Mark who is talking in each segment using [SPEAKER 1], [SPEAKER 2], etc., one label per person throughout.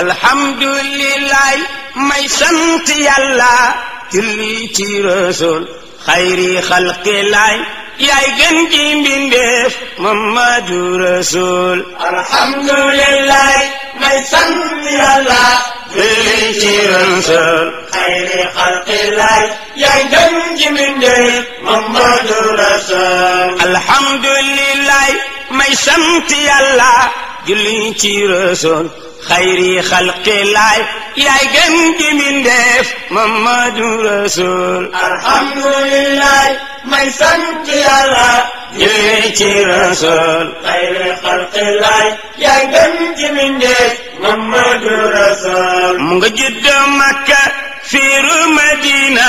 [SPEAKER 1] alhamdulilaay may sant yàlla julli ci rasul xayri xalqilaay yaay gën ci mbindeef rasul alhamdulilaay may sant yàlla julli rasul xayri xalqilaay yaay gën gi mbindeef Mamadu Rasul alhamdulilah may sant yàlla julli ci Rasul xayri xalqilaay yaay gën gi mbindeef Mamadu Rasul mu nga juddoo Makka fiiru Madina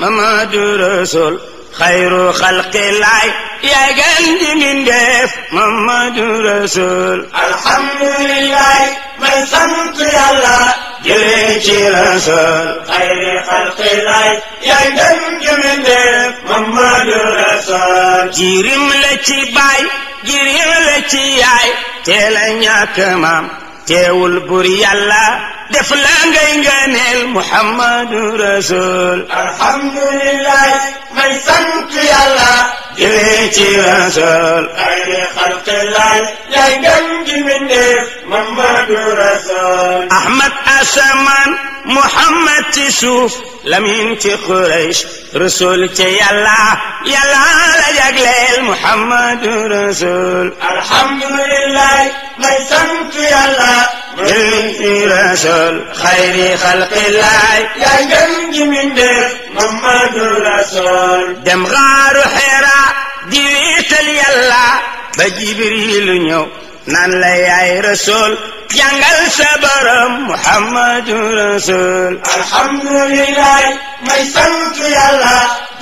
[SPEAKER 1] Mamadu Rasul xayru xalqilaay yaa gën ji mbindéef Muhammadu Rasul alhamdulillah may sant yàlla jëlee ci Rasul xayru xalqilaay yaa gën ji mbindéef Muhammadu Rasul jirim la ci baay jirim la ci yaay teel a ñàkk maam teewul bur yàlla def la ngay ngëneel muhammadu rasul alhamdulilah may sant yàlla jëlee ci rasul ay xalqi laay yaay gën gi mbindeef محمد رسول أحمد أسمان محمد تشوف لمين تقريش رسول تي يلا يلا لجاقليل محمد رسول الحمد لله ميسمت يلا من رسول خير خلق الله يا جنج من دير محمد رسول دم غار حيرا ديويت يلا بجبريل نيو nan la yaay rasul jàngal sa borom muhammadu rasul alhamdulilah may sant yàlla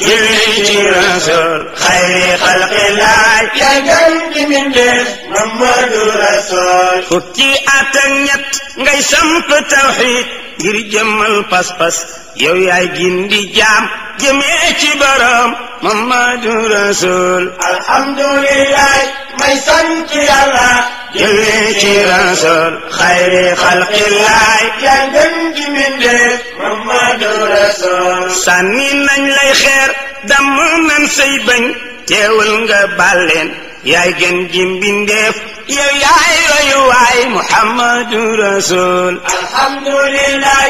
[SPEAKER 1] julli ci rasul xayri xalqilaay yaay gën di mindeef muhammadu rasul fukki at ak ñett ngay samp tawxid ngir jëmmal pas-pas yow yaay gindi jaam jëmee ci borom Muhammadu Rasul alhamdulillah may sant yàlla jëmee ci Rasul xayri xalqillaay yaa gën gi mbindéef Rasul sànni nañ lay xeer damm nañ say bañ teewul nga bàlleen yaay gën gi mbindéef yow yaay لله محمد رسول الحمد لله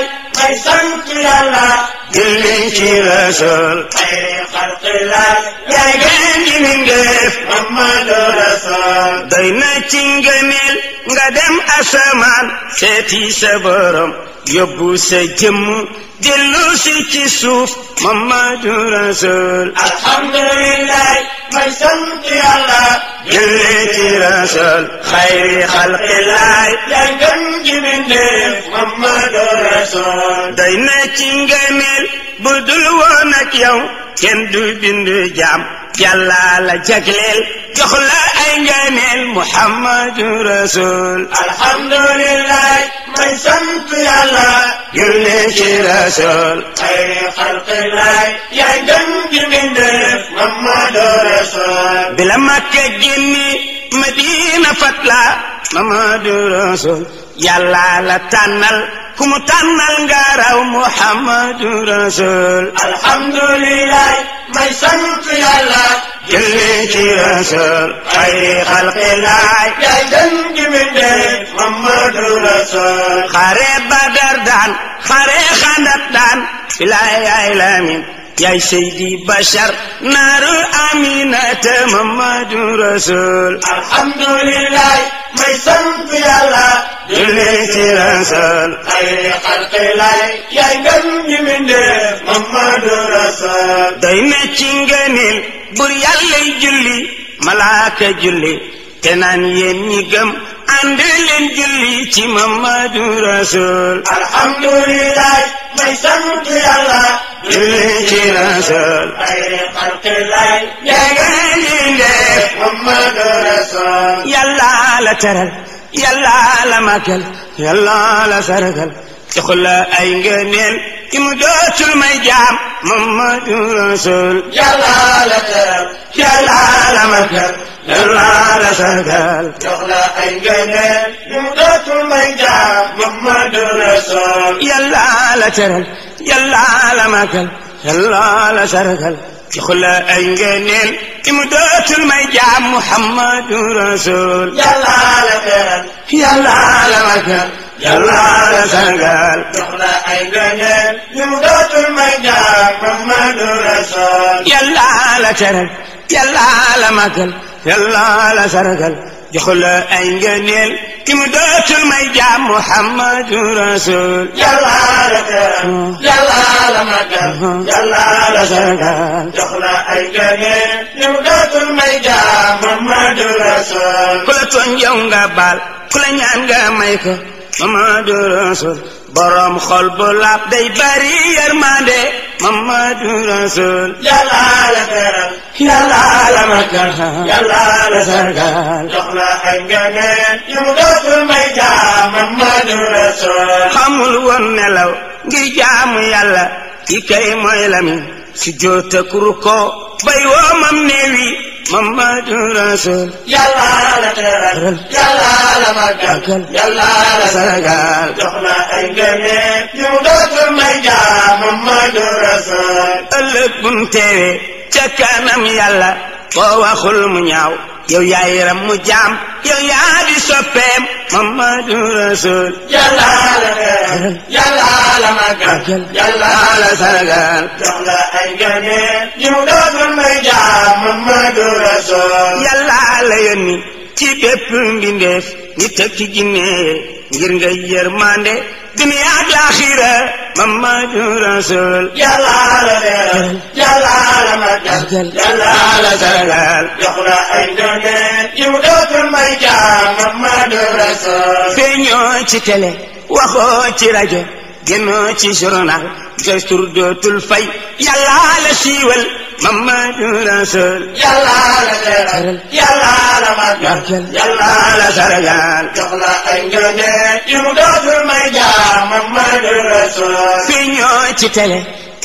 [SPEAKER 1] أي سنت لله قلت رسول خير خلق الله يا جاني من قيف محمد رسول دينتين جميل قدم أسمان سيتي سبرم يبو سجم جلوس تشوف محمد رسول الحمد لله من سمت الله جلتي رسول خير خلق الله يا جنج من ديف محمد رسول دينا جميل بدل ونك يوم كندو بند جام يلا لا جاكليل تخلى أن جميل محمد رسول الحمد لله من سمت الله يليش رسول خير خلق الله يا جنج من درف محمد رسول بلما تجني مدينة فتلا محمد رسول يلا لا تنال كم تنال غير محمد رسول الحمد لله ما سنت يلا جليك يا رسول خير خلق الله يا جنج من دين محمد رسول خريب بدر دان خريب خندق دان لا إله يا سيدي بشر نار أمينة محمد رسول الحمد لله ما سنت الله julli ci la sol xayri xalqi lay yaay ngam ñi mindeef Muhammadu Rasul doy na ci ngënil bur yàllay julli malaaka julli te naan yéen ñi gëm ànd leen julli ci Muhammadu Rasul alhamdulilah may sant yàlla julli ci Rasul xayri xalqi lay yaay ngam ñi mindeef Muhammadu Rasul yàlla la teral يلا على مكل يلا على سرقل تخلى أي جنين كم دوت الميجام مما يرسل يلا على يلا على مكل يلا على سرقل تخلى أي جنين كم دوت الميجام مما يرسل يلا على يلا على مكل يلا على سرقل كخلا أنجنل إمدات الميجا محمد رسول يلا لكال يلا لكال يلا لسنقال كخلا أنجنل إمدات الميجا محمد رسول يلا لكال يلا لمكال يلا لسنقال joxu la ay ngëneel ki mu dootul may jaam muhammadu rasul yàlla la gërëm yàlla la màggal yàlla la sagal joxu la ay ngëneel ki mu dootul may jaam muhammadu rasul ku la tooñ yow nga baal ku la ñaan nga may ko muhammadu rasul borom xol bu laab day bari yërmande Mamadu Rasul yàlla la teral yàlla la màggal yàlla la sargal jox la ay ngëneel yu mu may jaam Mamadu Rasul xamul woon nelaw ngir jaamu yàlla ki kay mooy lami su jootak ruko bay woomam neewi Mamadu Rasul. yàlla la teral. yàlla la màggal. yàlla la sargal. jox
[SPEAKER 2] na ay ngëneel.
[SPEAKER 1] yu dootul may jaam. Mamadu Rasul. ëllëg bu mu teewee. ca kanam yàlla. boo waxul mu ñaaw. yow yaa yaram mu jaam yow yaa di soppeem Muhammadu Rasul yàlla la gërëm yàlla la màggal yàlla la sargal jox nga ay gëneel ñu dootul may jaam Muhammadu Rasul yàlla la yónni ci bépp mbindeef nit ak ki jinne ngir nga yërmande dunya ak laaxira Mamadu Rasul jalaala leeral jalaala magal jalaala sagal jox la ay ndoneel yu dootul may jaam Mamadu Rasul feeñoo ci télé waxoo ci rajo génnoo ci journal gëstur dootul fay yàlla la siiwal Mamadu Rasul. yàlla la teral. yàlla la màggal. yàlla la saragal. jox la ay njëriñ. yu dootul may jaar. Mamadu Rasul. fii ñoo ci télé.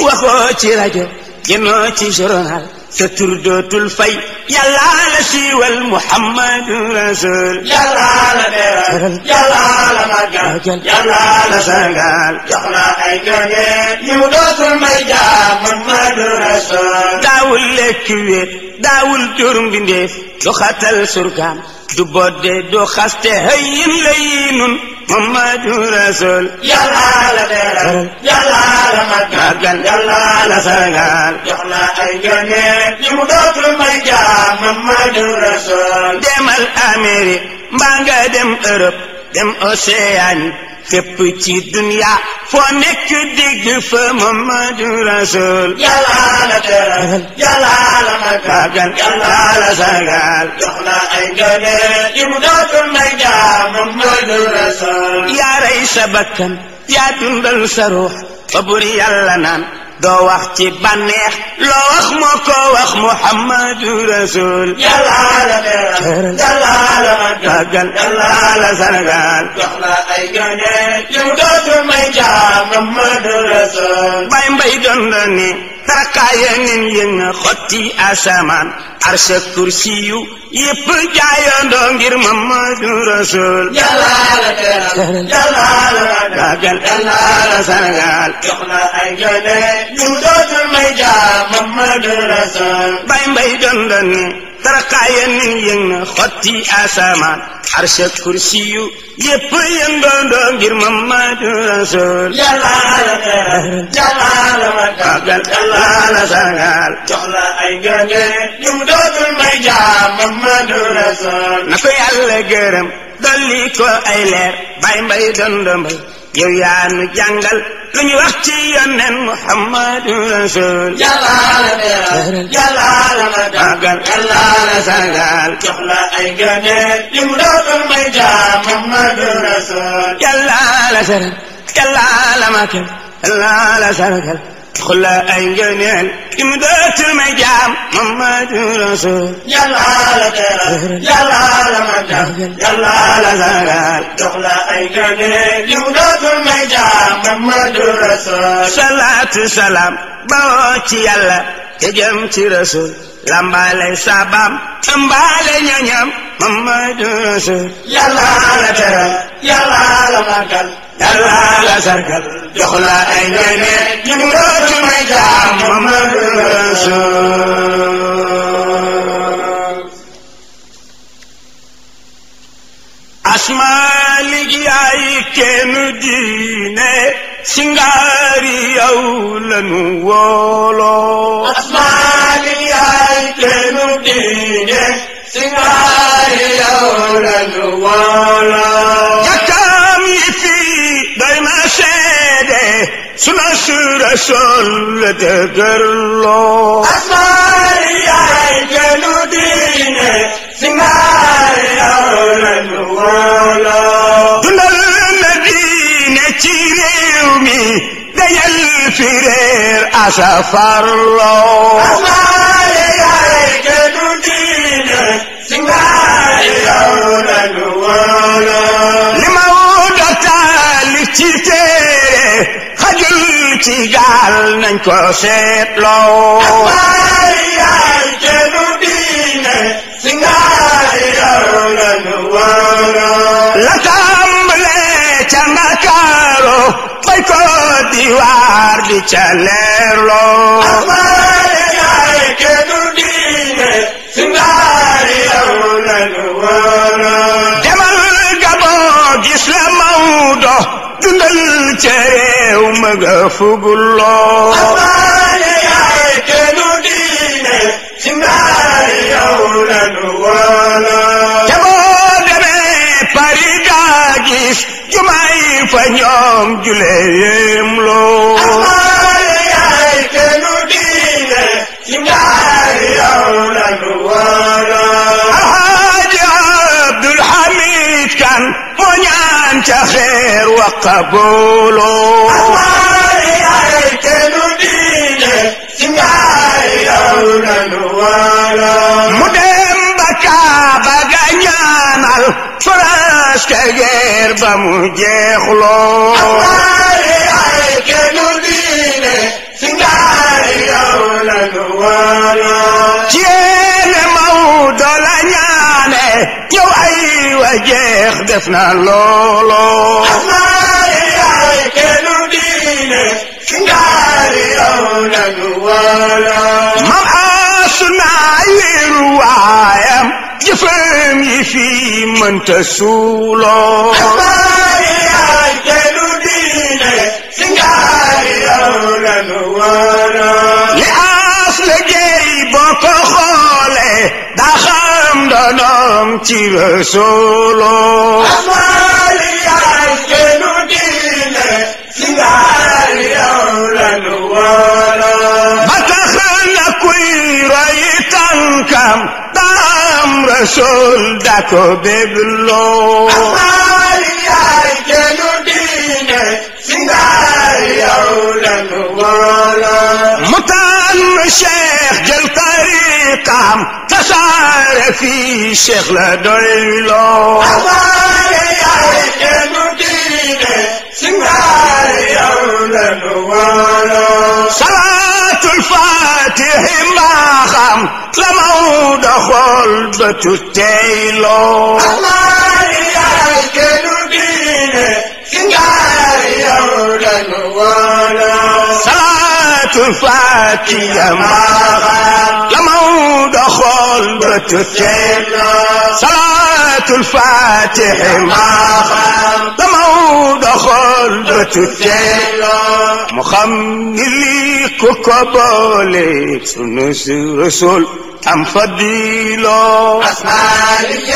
[SPEAKER 1] waxoo ci rajo. génnoo ci journal. sa tur dootul fay. yàlla la siiwal Muhammadu Rasul. yàlla la teral. yàlla la màggal. yàlla la saragal. jox la ay njëriñ. yu dootul daawul lekk wéet daawul jur mbindeef du xatal surkaam du bodde du xaste hayyin layyinun Muhammadu Rasul yàllaa la teral yàllaa la màggal yàllaa la sargal jox na ay gëneel ñu mu dootul may jaam Muhammadu Rasul demal Amérique mbaa nga dem Europe dem Océanie fépp ci dunya foo nekk dégg fa Muhammadu Rasul yàlla la teral yàlla la màggal yàlla la sagal jox la ay ngëneel yi mu dootul may jaam Muhammadu doo wax ci bànneex loo wax moo ko wax muhammadu rasul yàlla la teral yàlla la màggal yàlla la sargal jox la ay gane yu dootul may jaam muhammadu rasul bay mbay doon la ni takaaya nin yënga xotti asamaan arsa kursiyu yépp jaayandoo ngir Mamadu Rasul jalaala teral jalaala ragal jalaala Sénégal jox na ay jone ñu dootul may jaa Mamadu Rasul bay mbay doon ni tarxaaya nin yëng xotti asamaan arsha kursi yu yépp yëngoondoo ngir Mamadu Rasul yàllaala teral yàllaala magal yàllaala sagal jox la ay gënge yum dootul may jaam Rasul na ko yàlla gërëm dolli ko ay leer bay mbay dondo mbay yow yaa nu jàngal lu ñu wax ci yonent Muhammadu Rasul jalaala beral jalaala màggal jalaala sargal jox la ay gëneel li mu doon may jaam Muhammadu Rasul jalaala sargal jalaala màggal jalaala sargal xula ay ngëneel kim dootul may jaam Mamadu Rasul yàlla la teral yàlla la magal yàlla la sagal jox la ay ngëneel kim dootul may jaam Mamadu Rasul salaatu salaam bawoo ci yàlla te jëm ci Rasul lambaale saabam lambaale ñañam Mamadu Rasul yàlla la teral yàlla la magal yàlla la sargal jox la ay ngëneel yi mu dootu may jaam Muhammadu Rasul asmaalik yaay kenn diine singaari yow lanu wooloo asmaalik yaay kenn şöldü gırlo Asmar yay genudine Singar yavren uvala Dünel medine çirevmi Deyel firer asafarlo Asmar yay genudine Singar Cetlong Ayai Jerudine Singayaran Wara Lakambale Chanakaro Paiko Diwar Di Chalerlo Amai cerew ma nga fugulloo amaane yaay ca xeer wa qabooloo amaari ay tenu diine ci ngaari yow lanu waaloo mu dem ba kaaba ga ñaanal faraas ca geer ba mu jeexloo يخدفنا لولو مرأسنا يروايم جفم يفي من تسولو لأصل 멈추어 솔로 아마리아 게누딜레 싱가리아울라누와라 마타하나 꾸이라이 땅캄 땀 라솔 다코 베블로 아마리아 الشيخ جل طريقة تصار في الشيخ لديلو أخبار يا مدينة سمعار يا الوالو صلاة الفاتح ما خم لمود خلبة التيلو أخبار يا مدينة سمعار कमु सला चुल सच دون خلبتك مخملي كوكبالي سنس رسول أم فضيلة لي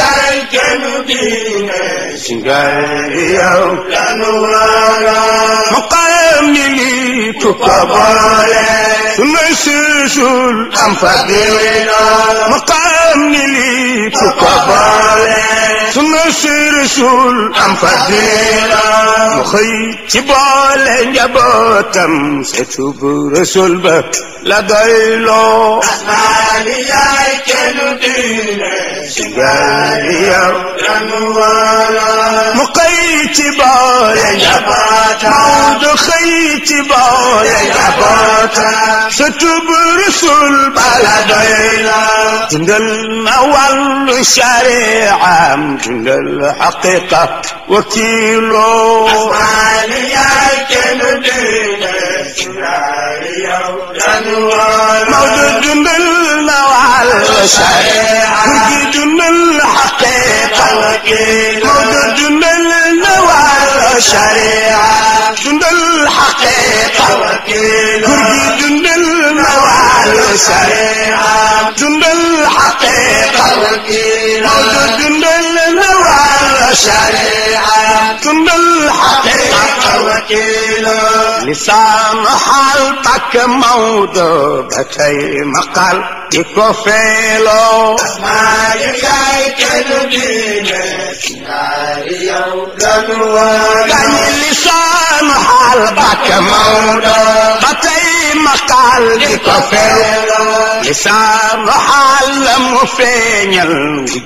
[SPEAKER 1] الجنوبين شنغالي أو كنورا مقاملي كوكبالي سنس رسول أم فضيلة مقاملي كوكبالي سنس رسول أم فضيلة مخي تبال جباتم ستوب رسول با لدايلو أسمالي يا كنو سيالي يا رنوالا مقيت بايا جباتا مود خيت بايا جباتا ستوب بلا دايلا جندل موال شريعة جندل حقيقة وكيل ro asmaniya kemdina sinariya danwar موجود بالموال شريعة وجود بالحقيقة موجود بالموال شريعة جند الحقيقة وجود بالموال شريعة جند الحقيقة موجود بالموال شريعتنا الحقيقة وكيله لسان حالتك موضوعتي مقال تكفيله أسمعي خيك لدينك ناري يوم يعني لسان حالتك موضوعتي مقال تكفيله महाल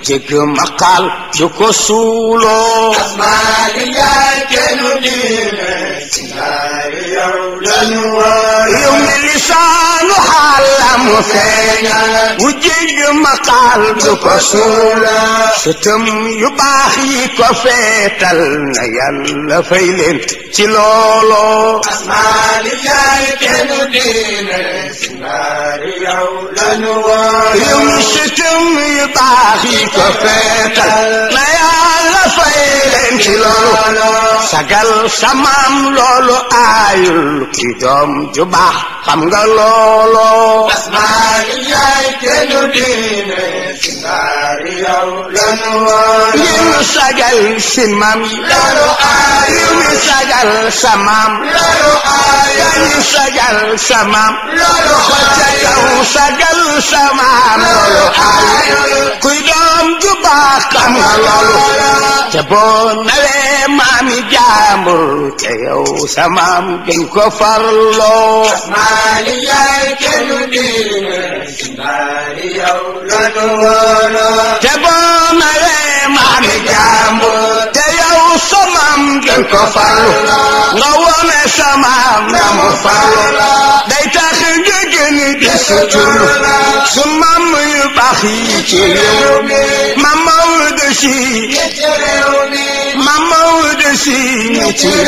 [SPEAKER 1] जेको मकाल जेको सूलो يوم لسان حال مثينا وجيج مقال فصولا ستم يباخي كفيتل يلا فيلين تلولو أسمالي يا كنودين سماري يوم ستم يباخي كفيتل يا fay leen ci loolu sagal samaam loolu aayul ki doom ju baax xam nga loolu asmaani yaay kennu diine si ngaari yow lanu woon yéen sagal si maam yi loolu aayul yéen sagal samaam loolu aayul yéen sagal samaam loolu aayul sagal samaam loolu aayul kuy doom ju baax xam nga loolu te boo nawee maami jaambur te yow sa maam gën ko farloo. maali yaay kennu diine maali yow lanu wooloo. te boo nawee maami jaambur te yow sa maam gën ko farloo nga wone sa maam nga mu farloo. gi desu cur su مموج سينتي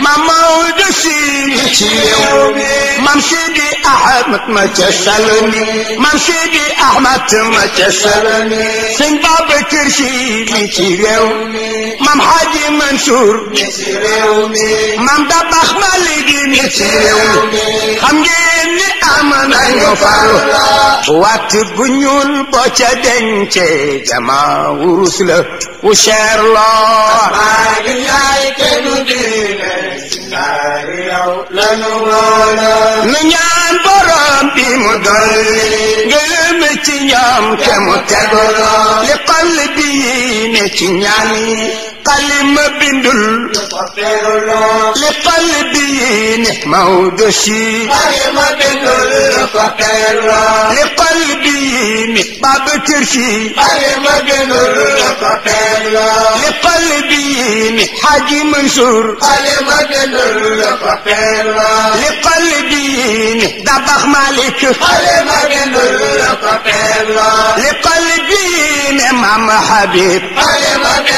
[SPEAKER 1] مموج سينتي ممشدي أحمد ما تسلمي ممشدي أحمد ما تسلمي سن بابا كرشي ميتي يومي مم حاجي منصور ميتي يومي مم دبخ مالدي ميتي يومي خمجيني أمن يفعل وقت بنيول بوچا دنچه جما ورسل وشير الله asmaani yaay kennu diine ndaari yow lanu woola nu ñaan borom bi mu dolli ngërëm ci ñoom te mu li xol bi ne ci قلم بندل لقلبي نحمة ودشي قلم بندل لقلبي نحمة بترشي قلم بندل لقلبي نحاج منصور قلم بندل لقلبي نحدبخ مالك قلم بندل لقلبي نحمة حبيب قلم بندل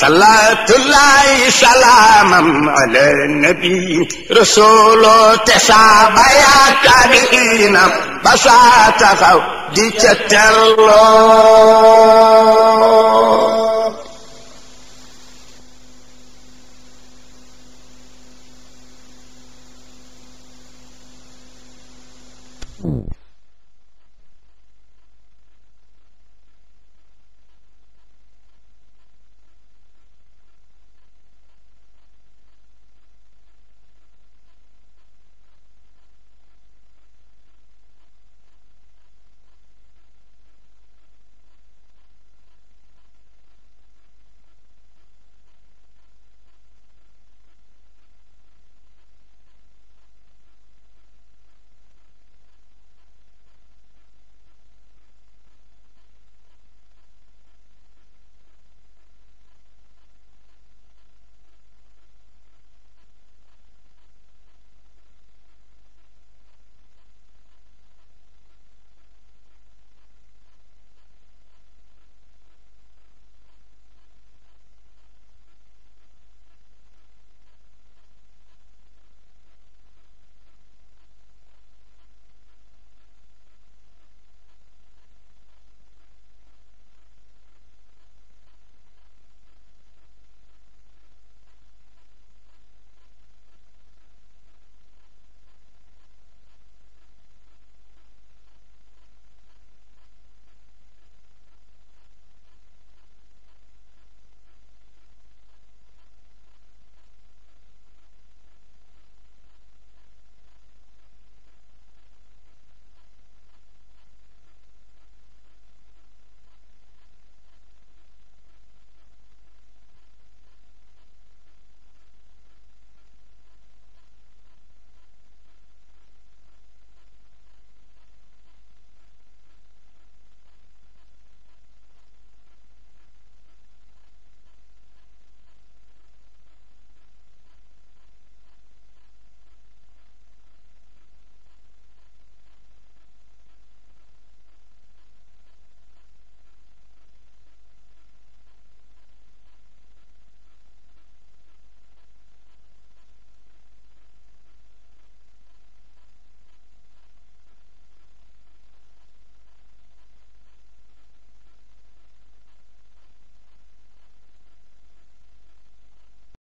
[SPEAKER 1] सला सलाम न रसोलो चैसा भया की न बसा चढ़ो जी चलो